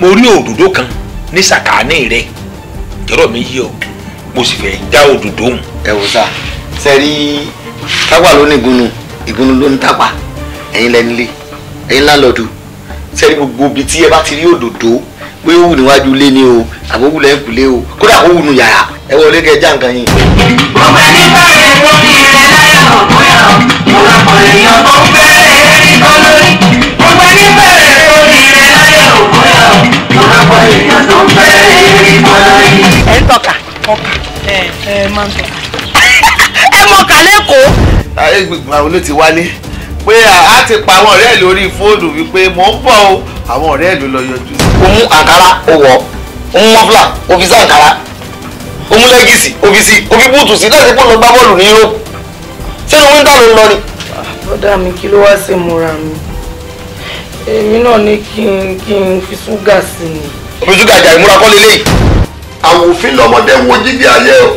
mo rí òdòdó kan ní sàkáání rẹ jọ̀rọ̀ mi yí ọ mo sì fẹ́ já òdòdó hùn. ẹ wò sá sẹ́rí táwa ló ní ìgúnnu ìgúnnu ló ń tápa ẹ̀yin lẹ́nilé ẹ̀yin lálọ́dún sẹ́rí gbogbo ibi tí ẹ bá ti rí òdòdó pé wù níwájú ilé ni o àbó wù lẹ́yìn kùlé o kódà ó wù nù yàrá ẹ wọlé kẹ já nǹkan yín. mo fẹ́ nípa rẹ̀ lórí rẹ̀ láyọ̀ bóyá mo rà pọ̀ lẹ́yìn ọkọ̀ fẹ́. ọkà ẹ ẹ máa ń tọ. ẹ mọ ọkà lẹ́kọ̀ọ́. ayé gbogbo àwọn ló ti wálé pé a ti pa àwọn ọ̀rẹ́ ẹ̀ lórí fóònù wípé mò ń bọ̀ o àwọn ọ̀rẹ́ ẹ̀ ló lọ yọjú. òun àǹkárá ó wọ̀ òun mọ́fìlà ó fi sí àǹkárá òun lẹ́gìsì ó fi sí ó fi búùtù sí láti kó lọ gbá bọ́ọ̀lù ní yúrò sínú wíńdà ló ń lọ ni. bọ́dà mi kí ló wá ṣe múra mi èmi náà ní kí n kí n fi ṣúgà sí ni. òfin ṣúgà jà ìmúra kọ́ lélẹ́yìí àwòfín lọmọdé wo jígí ayé o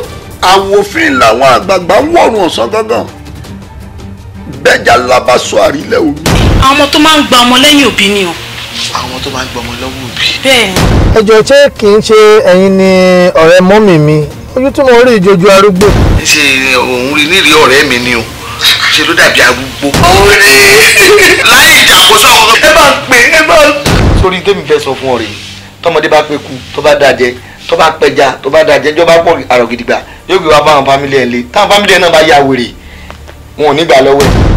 àwòfín làwọn àgbààgbà ń wọ̀rùn ọ̀sán gángan bẹ́jà labaṣọ àrílẹ̀ òbí. àwọn ọmọ tó máa ń gba ọmọ lẹ́yìn òbí ni o. àwọn tó máa ń gba ọmọ lọ́wọ́ òbí. bẹ́ẹ̀ ni. ẹ jọ̀ọ́ ṣé kì í ṣe ẹ̀yin ni ọ̀rẹ́ mọ́mì mi ojú tí mo rí ìjojú arúgbó. ṣe òun rí nírí ọ̀rẹ́ mi ni o ṣe ló dàbí arúgbó. ó rí láyé ìjàkóso ọ̀rọ̀ ẹ bá ń pè é bá ń. sórí tèmi fẹ́ sọ fún ọ rèé tọmọdé bá pé kú tó bá dájẹ́ tó bá pẹja tó bá dajẹ jọba pọ̀ àrògidìgbà yóò gbé wá fáwọn fámílì ẹ̀ lé táwọn fámílì ẹ̀ náà bá yà wèrè wọn ò ní gbà lọ́wọ́ ẹ̀.